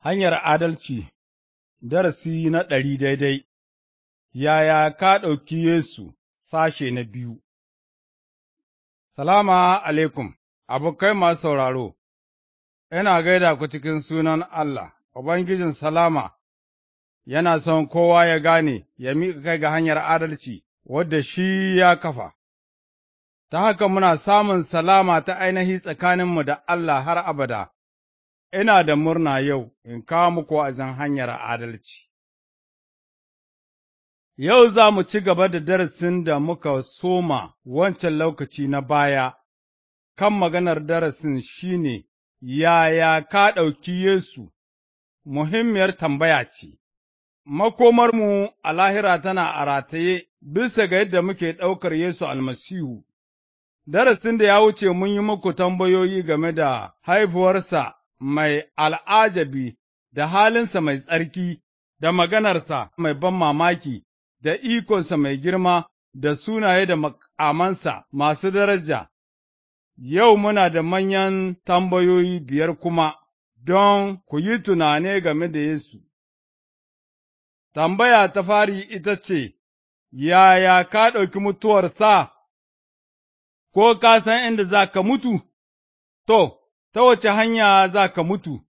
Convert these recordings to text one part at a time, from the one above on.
Hanyar adalci Darasi na ɗari daidai Yaya ka ɗauki Yesu sashe na biyu Salama alaikum, abokai masu sauraro, ina gaida ku cikin sunan Allah, Ubangijin Salama, yana son kowa ya gane ya miƙa kai ga hanyar adalci wadda shi ya kafa, ta haka muna samun salama ta ainihi tsakaninmu da Allah har abada. ina da murna yau in kawo muku wa'azin hanyar adalci. Yau za mu ci gaba da darasin da muka soma wancan lokaci na baya, kan maganar darasin shi ne, yaya ka ɗauki Yesu, muhimmiyar tambaya ce, makomarmu a lahira tana a rataye bisa ga yadda muke ɗaukar Yesu almasihu. Darasin da ya wuce mun yi muku tambayoyi game da haifuwarsa mai al'ajabi da halinsa mai tsarki, da maganarsa mai ban mamaki, da ikonsa mai girma, da sunaye da makamansa masu daraja, yau muna da manyan tambayoyi biyar kuma don ku yi tunane game da Yesu. Tambaya ta fari ita ce, Yaya ka ɗauki mutuwarsa, ko ka san inda za ka mutu? To, ta wace hanya za ka mutu,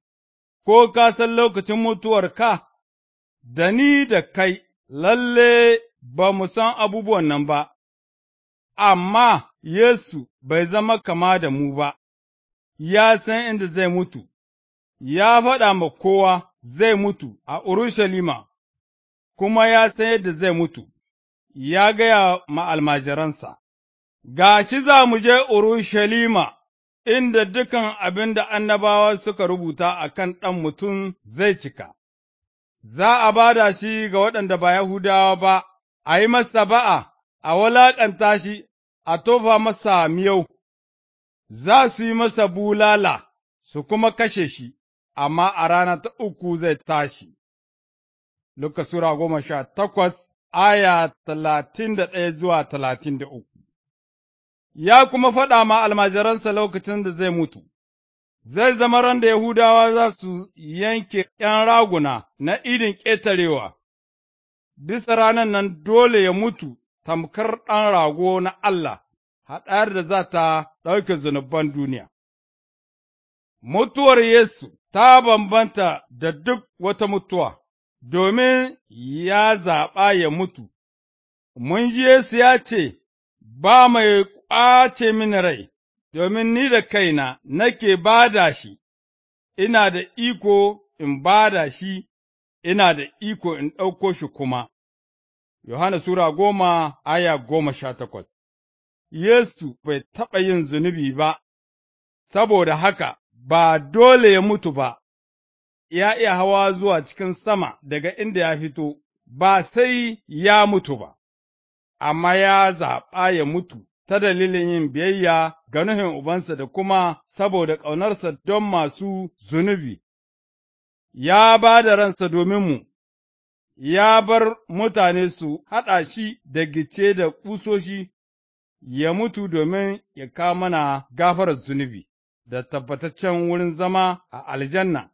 ko ka san lokacin mutuwar ka? da ni da kai, lalle ba mu san abubuwan nan ba, amma Yesu bai zama kama da mu ba, ya san inda zai mutu, ya faɗa ma kowa zai mutu a Urushalima, kuma ya san yadda zai mutu, ya gaya ma almajiransa, Ga shi za mu je Urushalima. inda dukan abin da annabawa suka rubuta a kan ɗan mutum zai cika, za a bada shi ga waɗanda ba Yahudawa ba, a yi masa ba'a, a walaƙanta shi, a tofa masa miyau, za su yi masa bulala, su kuma kashe shi, amma a rana ta uku zai tashi. Luka Sura goma sha takwas, aya talatin da ɗaya zuwa talatin da uku ya kuma faɗa ma almajiransa lokacin da zai mutu, zai zama ran da Yahudawa za su yanke ’yan raguna na idin ƙetarewa, bisa ranar nan dole ya mutu tamkar ɗan rago na Allah, haɗar da za ta ɗauke zunuban duniya. Mutuwar Yesu ta bambanta da duk wata mutuwa, domin ya zaɓa ya mutu, mun ji Yesu ya ce, Ba mai ɓace mini rai, domin ni da kaina nake da shi, ina da iko in ba da shi, ina da iko in ɗauko shi kuma. Yohana Sura goma aya goma sha takwas Yesu bai taɓa yin zunubi ba, saboda haka ba dole ya mutu ba, ya iya hawa zuwa cikin sama daga inda ya fito, ba sai ya mutu ba, amma ya zaɓa ya mutu ta dalilin yin biyayya ga nuhin Ubansa da kuma saboda ƙaunarsa don masu zunubi, ya ba da ransa mu. ya bar mutane su haɗa shi da gice da ƙusoshi, ya mutu domin ya kamana gafarar zunubi da tabbataccen wurin zama a aljanna.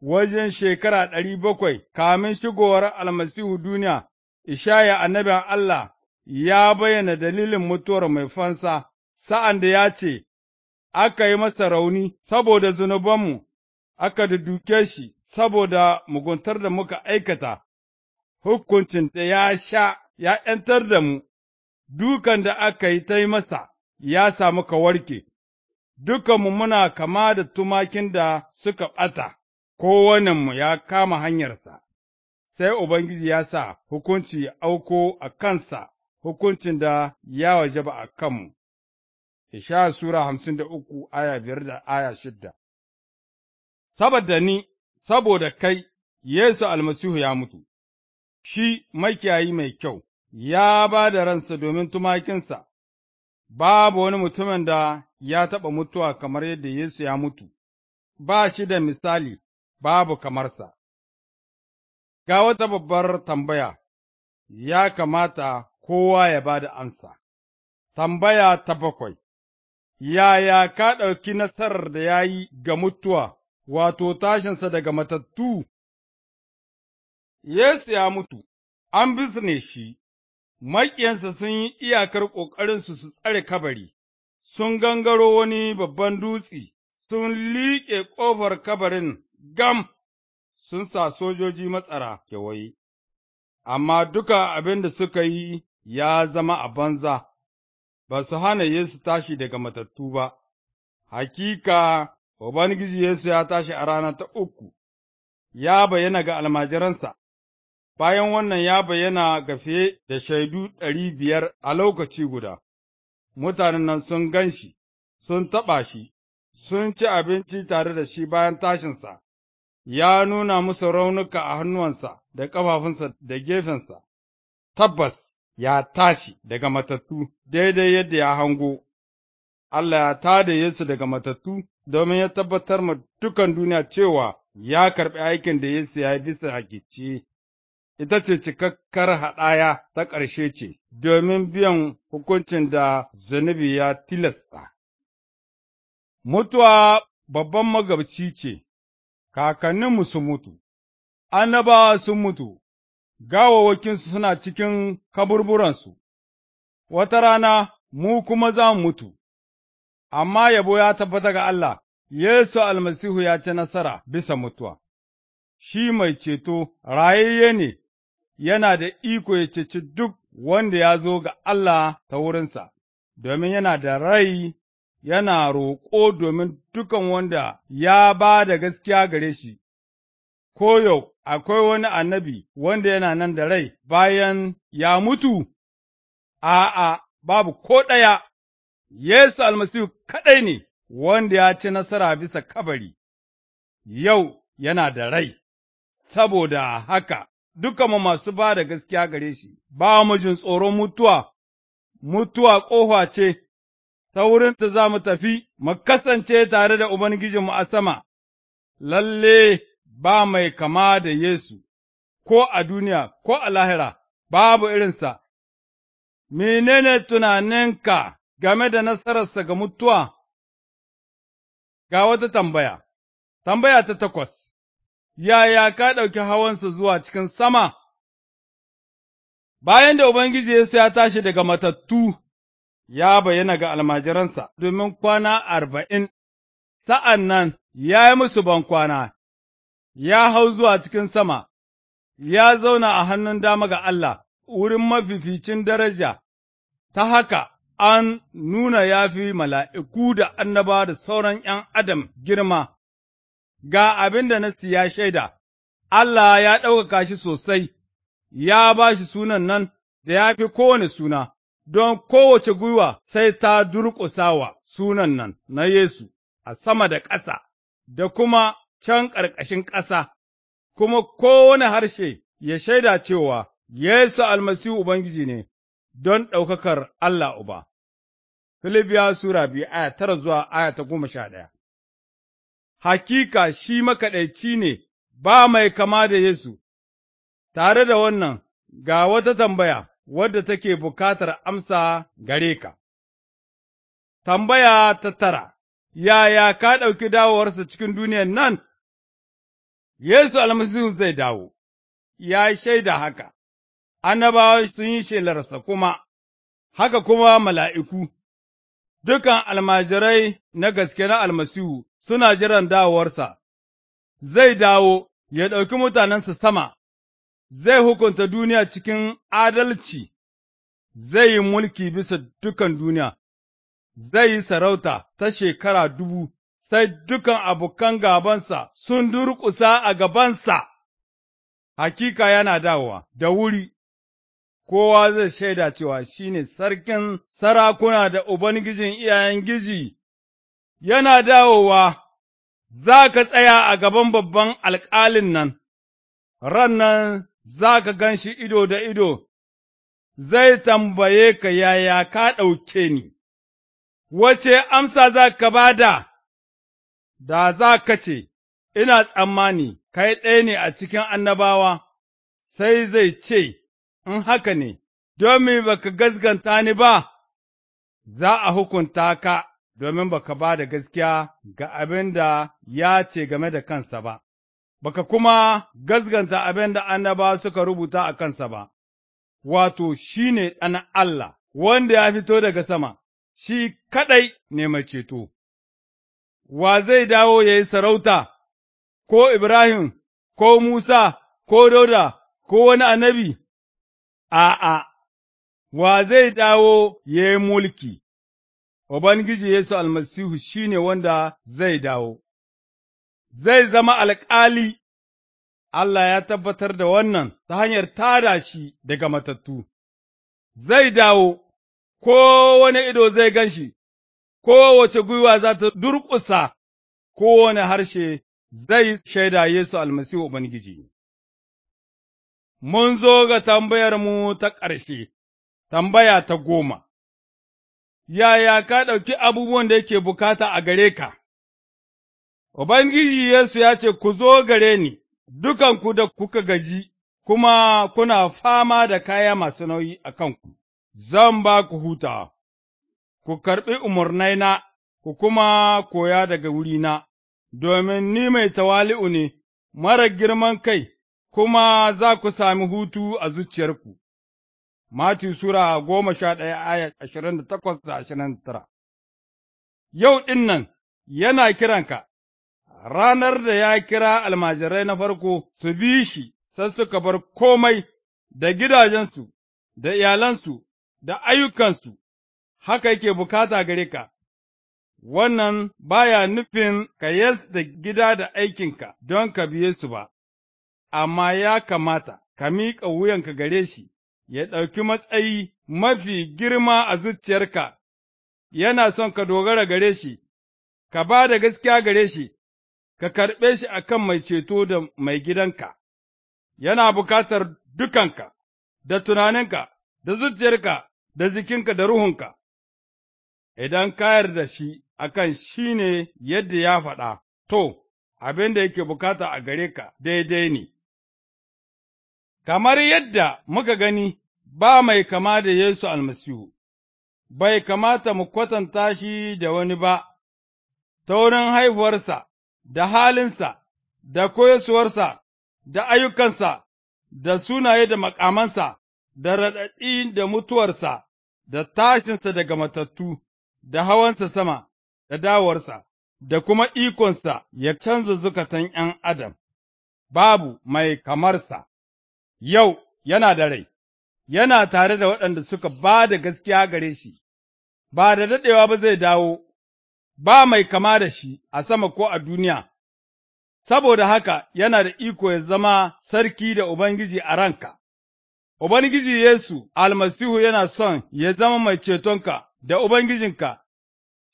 Wajen shekara ɗari bakwai kamin shigowar almasihu duniya, Ishaya annabin Allah ya bayyana dalilin mutuwar mai fansa, sa'an da ya ce, Aka yi masa rauni saboda zunubanmu, aka duduke shi saboda muguntar da muka aikata, hukuncin da ya sha ya ’yantar da mu, dukan da aka yi ta yi masa ya samu kawarke. warke, dukanmu muna kama da tumakin da suka ɓata, kowanenmu ya kama hanyarsa, sai Ubangiji ya sa hukunci ya auko a kansa hukuncin da ya waje ba a kanmu, Ishaya Sura hamsin da uku aya biyar da aya shidda. Saboda ni, saboda kai, Yesu almasihu ya mutu, shi makiyayi mai kyau, ya ba da ransa domin tumakinsa, babu wani mutumin da ya taɓa mutuwa kamar yadda Yesu ya mutu, ba shi da misali, babu kamarsa. Ga wata babbar tambaya, ya kamata kowa ya ba da amsa. Tambaya ta bakwai Yaya ka ɗauki nasarar da ya yi ga mutuwa, wato tashinsa daga matattu? Yesu ya mutu, an bisne shi, maƙiyansa sun yi iyakar ƙoƙarinsu su tsare kabari, sun gangaro wani babban dutse, sun liƙe ƙofar kabarin gam, sun sa sojoji matsara kewaye, amma duka abin da suka yi ya zama a banza, ba su hana Yesu tashi daga matattu ba, hakika Ubangiji Yesu ya tashi a rana ta uku, ya bayyana ga almajiransa, bayan wannan ya bayyana ga fiye da shaidu ɗari biyar a lokaci guda, mutanen nan sun gan shi, sun taɓa shi, sun ci abinci tare da shi bayan tashinsa, ya nuna musu raunuka a hannuwansa da ƙafafunsa da gefensa, tabbas ya tashi daga matattu daidai yadda ya hango, Allah ya tā da Yesu daga matattu domin ya tabbatar ma dukan duniya cewa ya karɓi aikin da Yesu ya yi bisa hakici, ita ce cikakkar haɗaya ta ƙarshe ce, domin biyan hukuncin da zunubi ya tilasta. Mutuwa babban magabci ce, kakanninmu sun mutu, annabawa sun mutu, gawawwakinsu suna cikin kaburburansu, wata rana mu kuma za mu mutu, amma yabo ya tabbata ga Allah, Yesu almasihu ya ci nasara bisa mutuwa, shi mai ceto rayayye ne, yana da iko ya ceci duk wanda ya zo ga Allah ta wurinsa, domin yana da rai yana roƙo domin dukan wanda ya ba da gaskiya gare shi, ko yau akwai wani annabi wanda yana nan da rai bayan ya mutu, a'a, babu ko ɗaya, Yesu almasihu kaɗai ne wanda ya ci nasara bisa kabari, yau yana da rai, saboda haka dukanmu masu ba da gaskiya gare shi, ba mu jin tsoron mutuwa, mutuwa ƙofa ce, ta wurin da za mu tafi, mu kasance tare da Ubangijinmu a sama, lalle ba mai kama da Yesu, ko a duniya, ko a lahira, babu irinsa. Menene tunaninka game da nasararsa ga mutuwa? Ga wata tambaya, tambaya ta takwas, yaya ka ɗauki hawansa zuwa cikin sama? Bayan da Ubangiji Yesu ya tashi daga matattu, ya bayyana ga almajiransa domin kwana arba'in, sa'an nan ya yi musu bankwana, ya hau zuwa cikin sama, ya zauna a hannun dama ga Allah, wurin mafificin daraja, ta haka an nuna ya fi mala'iku da annaba da sauran ’yan adam girma, ga abin da Nassi ya shaida, Allah ya ɗaukaka shi sosai, ya ba shi sunan nan da ya fi kowane suna, don kowace gwiwa sai ta durƙusawa sunan nan na Yesu a sama da ƙasa, da kuma can ƙarƙashin ƙasa, kuma kowane harshe ya shaida cewa Yesu almasihu Ubangiji ne don ɗaukakar Allah Uba. Filibiya Sura biyu aya tara zuwa aya ta goma sha ɗaya Hakika shi makaɗaici ne ba mai kama da Yesu, tare da wannan ga wata tambaya wadda take buƙatar amsa gare ka. Tambaya ta tara, yaya ka ɗauki dawowarsa cikin duniyan nan Yesu almasihu zai dawo, ya shaida haka, annabawa sun yi shelarsa kuma, haka kuma mala'iku, dukan almajirai na gaske na almasihu suna jiran dawowarsa, zai dawo ya ɗauki mutanensa sama, zai hukunta duniya cikin adalci, zai yi mulki bisa dukan duniya, zai yi sarauta ta shekara dubu. sai dukan abokan gabansa sun durƙusa a gabansa, hakika yana dawowa da wuri, kowa zai shaida cewa shi ne sarkin sarakuna da Ubangijin iyayen giji, yana dawowa, za ka tsaya a gaban babban alƙalin nan, ran nan za ka gan shi ido da ido, zai tambaye ka yaya ka ɗauke ni, wace amsa za ka ba da? da za ka ce, Ina tsammani, kai ɗaya ne a cikin annabawa, sai zai ce, In haka ne, domin ba ka gaskanta ni ba, za a hukunta ka domin ba ka ba da gaskiya ga abin da ya ce game da kansa ba, ba ka kuma gaskanta abin da annabawa suka rubuta a kansa ba, wato, shi ne ɗan Allah, wanda ya fito daga sama, shi kaɗai ne mai ceto. wa zai dawo ya yi sarauta, ko Ibrahim, ko Musa, ko Dauda, ko wani annabi? A'a, wa zai dawo ya yi mulki, Ubangiji Yesu almasihu shi ne wanda zai dawo, zai zama alƙali, Allah ya tabbatar da wannan ta hanyar tada shi daga matattu, zai dawo, ko wani ido zai gan shi, kowace gwiwa za ta durƙusa, kowane harshe zai shaida Yesu almasihu Ubangiji. Mun zo ga tambayarmu ta ƙarshe, tambaya ta goma, yaya ka ɗauki abubuwan da yake bukata a gare ka? Ubangiji Yesu ya ce, Ku zo gare ni, dukanku da kuka gaji, kuma kuna fama da kaya masu nauyi a kanku, zan ba ku hutawa. ku karɓi umarnaina, ku kuma koya daga wurina, domin ni mai tawali'u ne, marar girman kai, kuma za ku sami hutu a zuciyarku. Mati Sura goma sha ɗaya aya ashirin da takwas da ashirin da tara Yau ɗin nan yana kiranka, ranar da ya kira almajirai na farko su bi shi, sai suka bar komai da gidajensu, da iyalansu, da ayyukansu, haka yake bukata gare ka. Wannan baya nufin ka da gida da aikinka don ka biye su ba, amma ya kamata ka miƙa wuyanka gare shi, ya ɗauki matsayi mafi girma a zuciyarka, yana son ka dogara gare shi, ka ba da gaskiya gare shi, ka karɓe shi a kan mai ceto da mai gidanka, yana bukatar dukanka, da tunaninka, da zuciyarka, da zikinka, da ruhunka. idan ka yarda shi akan shi ne yadda ya faɗa, to, abin da yake bukata a gare ka daidai ne. Kamar yadda muka gani, ba mai kama da Yesu almasihu, bai kamata mu kwatanta shi da wani ba, ta wurin haifuwarsa, da halinsa, da koyasuwarsa, da ayyukansa, da sunaye da makamansa, da raɗaɗi da mutuwarsa, da tashinsa daga matattu, da hawansa sama da dawarsa, da kuma ikonsa ya canza zukatan ’yan adam, babu mai kamarsa, yau yana da rai, yana tare da waɗanda suka ba da gaskiya gare shi, ba da daɗewa ba zai dawo, ba mai kama da shi a sama ko a duniya, saboda haka yana da iko ya zama sarki da Ubangiji a ranka. Ubangiji Yesu almasihu yana son ya zama mai cetonka da Ubangijinka,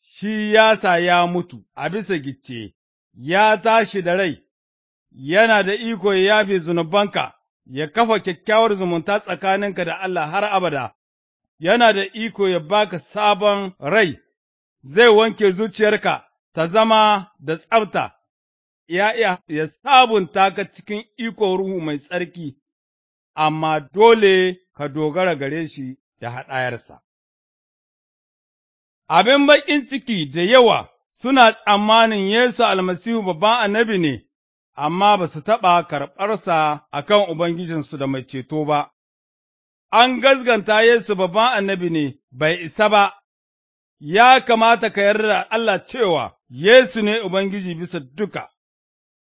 shi ya sa ya mutu a bisa gicce, ya tashi da rai, yana da iko ya yafe zunubanka, ya kafa kyakkyawar zumunta tsakaninka da Allah har abada, yana da iko ya baka sabon rai, zai wanke zuciyarka ta zama da tsabta, ya ya sabunta ka cikin iko Ruhu mai tsarki, amma dole ka dogara gare shi da haɗayarsa. abin baƙin ciki da yawa suna tsammanin Yesu almasihu babban annabi ne, amma ba su taɓa karɓarsa a kan Ubangijinsu da mai ceto ba. An gazganta Yesu babban annabi ne bai isa ba, ya kamata ka yarda Allah cewa Yesu ne Ubangiji bisa duka,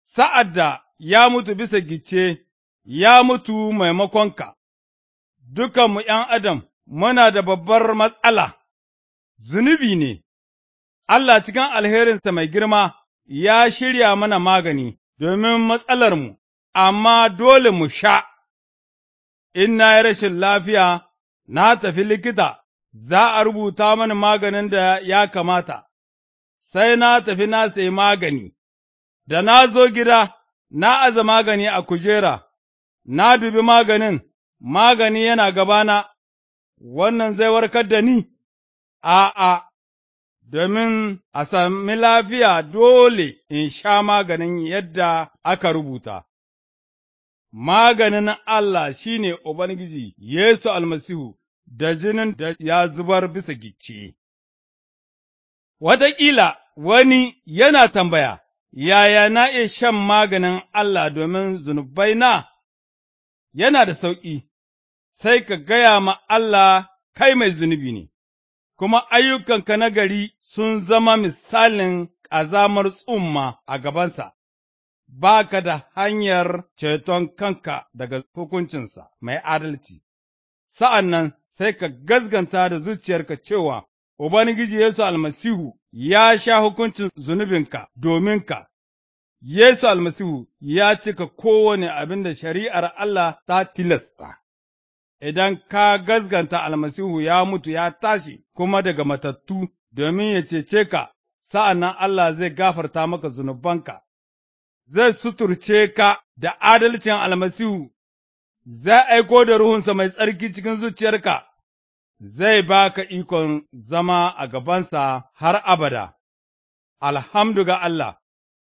sa'ad da ya mutu bisa gice, ya mutu maimakonka, dukanmu ’yan Adam muna da babbar matsala. zunubi ne, Allah cikin alherinsa mai girma ya shirya mana magani domin matsalarmu, amma dole mu sha, in na yi rashin lafiya, na tafi likita, za a rubuta mana maganin da ya kamata, sai na tafi na sayi magani, da na zo gida, na aza magani a kujera, na dubi maganin, magani yana gabana, wannan zai warkar da ni. a'a, domin a sami lafiya dole in sha maganin yadda aka rubuta. Maganin Allah shi ne Ubangiji Yesu almasihu da jinin da ya zubar bisa gicce. Wataƙila wani yana tambaya, Yaya na iya shan maganin Allah domin zunubai na? Yana da sauƙi, sai ka gaya ma Allah kai mai zunubi ne, kuma ayyukanka nagari sun zama misalin azamar tsumma a gabansa, ba ka da hanyar ceton kanka daga hukuncinsa mai adalci, sa'an nan sai ka gazganta da zuciyarka cewa Ubangiji Yesu almasihu ya sha hukuncin zunubinka dominka, Yesu almasihu ya cika kowane abin da shari'ar Allah ta tilasta. idan ka gazganta almasihu ya mutu ya tashi kuma daga matattu domin ya cece ka, sa'an nan Allah zai gafarta maka zunubanka, zai suturce ka da adalcin almasihu, zai aiko da ruhunsa mai tsarki cikin zuciyarka, zai ba ka ikon zama a gabansa har abada. Alhamdu ga Allah,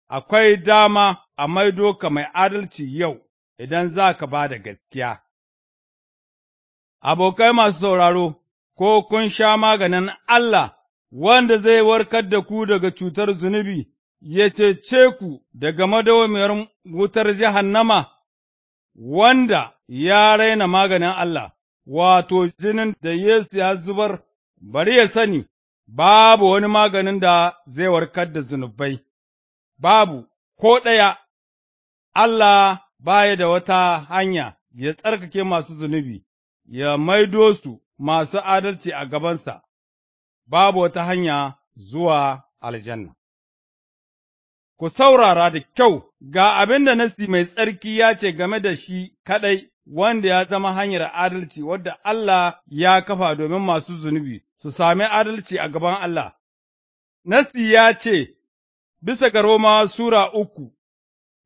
akwai dama a maido ka mai adalci yau idan za ka ba da gaskiya. Abokai masu sauraro, ko kun sha maganin Allah, wanda zai warkar da ku daga cutar zunubi, ya cece ku daga madawamiyar wutar jahannama, wanda ya raina maganin Allah, wato jinin da Yesu ya zubar, bari ya sani, babu wani maganin da zai warkar da zunubai, babu, ko ɗaya, Allah baya da wata hanya ya tsarkake masu zunubi. ya maido su masu adalci a gabansa, babu wata hanya zuwa aljanna. Ku saurara da kyau ga abin da Nasi mai tsarki ya ce game da shi kaɗai, wanda ya zama hanyar adalci wadda Allah ya kafa domin masu zunubi su sami adalci a gaban Allah. Nasi ya ce, bisa ga Roma Sura uku,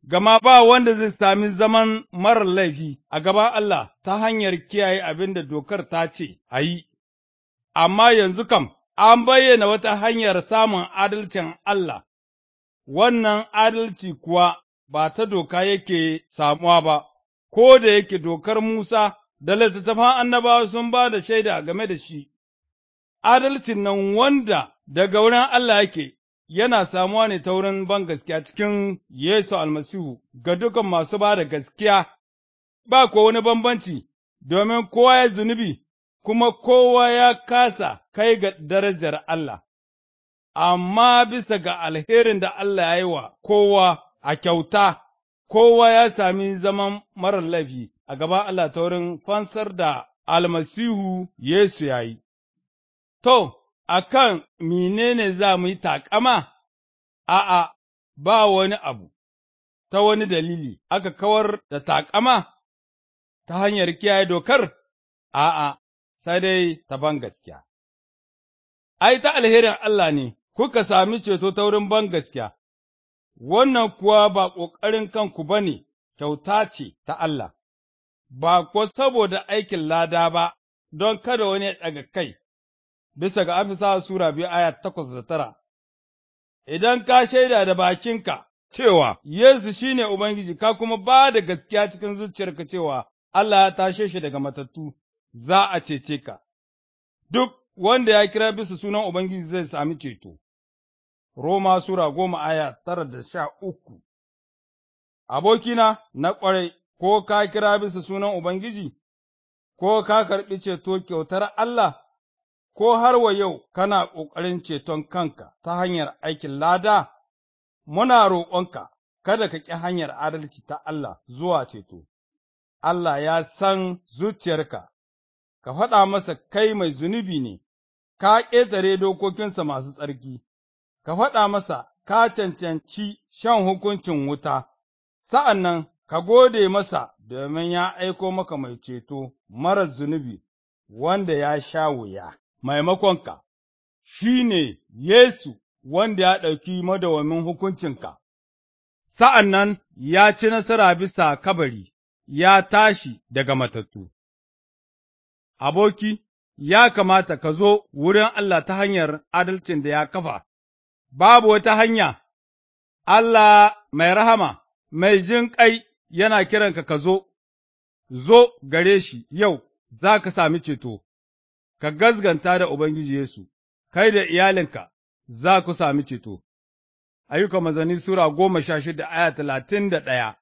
gama ba wanda zai sami zaman marar laifi a gaban Allah ta hanyar kiyaye abin da dokar ta ce a yi, amma yanzu kam an bayyana wata hanyar samun adalcin Allah, wannan adalci kuwa ba ta doka yake samuwa ba, ko da yake dokar Musa da littattafan annabawa sun ba da shaida game da shi, adalcin nan wanda daga wurin Allah yake yana samuwa ne ta wurin ban gaskiya cikin Yesu almasihu ga dukan masu ba da gaskiya, ba kuwa wani bambanci, domin kowa ya zunubi, kuma kowa ya kasa kai ga darajar Allah, amma bisa ga alherin da Allah ya yi wa kowa a kyauta, kowa ya sami zaman marar laifi a gaban Allah ta wurin fansar da almasihu Yesu ya yi. To, a kan menene za mu yi taƙama? A'a, ba wani abu, ta wani dalili aka kawar da taƙama ta hanyar kiyaye dokar? A'a, sai dai ta ban gaskiya. Ai, ta alherin Allah ne, kuka sami ceto ta wurin ban gaskiya, wannan kuwa ba ƙoƙarin kanku ba ne, kyauta ce ta Allah, ba kuwa saboda aikin lada ba, don kada wani ya ɗaga kai. bisa ga afisa Sura biyu aya takwas da tara, idan ka shaida da bakinka cewa Yesu shi ne Ubangiji, ka kuma ba da gaskiya cikin zuciyarka cewa Allah ya tashe shi daga matattu, za a cece ka, duk wanda ya kira bisa sunan Ubangiji zai sami ceto. Roma Sura goma aya tara da sha uku Abokina na ƙwarai, ko ka kira bisa sunan Ubangiji, ko ka karɓi ceto kyautar Allah. ko har wa yau kana ƙoƙarin ceton kanka ta hanyar aikin lada, muna roƙonka kada ka ƙi hanyar adalci ta Allah zuwa ceto, Allah ya san zuciyarka, ka faɗa masa kai mai zunubi ne, ka ƙetare dokokinsa masu tsarki, ka faɗa masa ka cancanci shan hukuncin wuta, sa'an nan ka gode masa domin ya aiko maka mai ceto marar zunubi wanda ya sha wuya. maimakonka, shi ne Yesu wanda ya ɗauki madawamin hukuncinka, sa'an nan ya ci nasara bisa kabari, ya tashi daga matattu. Aboki, ya kamata ka zo wurin Allah ta hanyar adalcin da ya kafa, babu wata hanya, Allah mai rahama, mai jin ƙai yana kiranka ka zo, zo gare shi yau za ka sami ceto. ka gazganta da Ubangiji Yesu, kai da iyalinka za ku sami ceto. Ayyukan mazani Sura goma sha shida aya talatin da ɗaya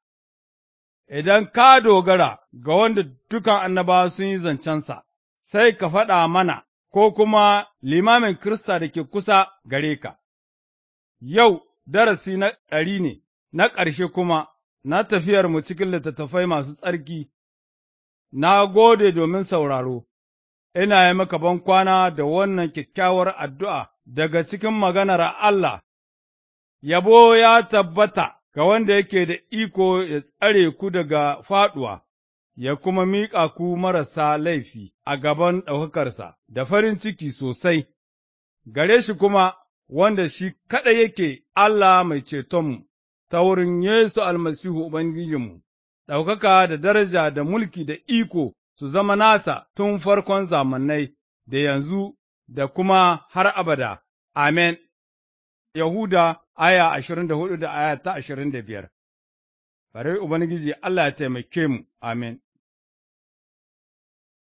Idan ka dogara ga wanda dukan annabawa sun yi zancensa, sai ka faɗa mana ko kuma limamin Kirista da ke kusa gare ka. Yau darasi na ɗari ne, na ƙarshe kuma na tafiyar mu cikin littattafai masu tsarki, na gode domin sauraro. ina yi maka bankwana da wannan kyakkyawar addu'a daga cikin maganar Allah, yabo ya tabbata ga wanda yake da iko ya tsare ku daga faɗuwa, ya kuma miƙa ku marasa laifi a gaban ɗaukakarsa da farin ciki sosai, gare shi kuma wanda shi kaɗai yake Allah mai cetonmu ta wurin Yesu almasihu Ubangijinmu, ɗaukaka da daraja da mulki da iko su zama nasa tun farkon zamanai da yanzu da kuma har abada, Amen. Yahuda aya ashirin da hudu da aya ta ashirin da biyar Bari Ubangiji Allah ya taimake mu, Amen.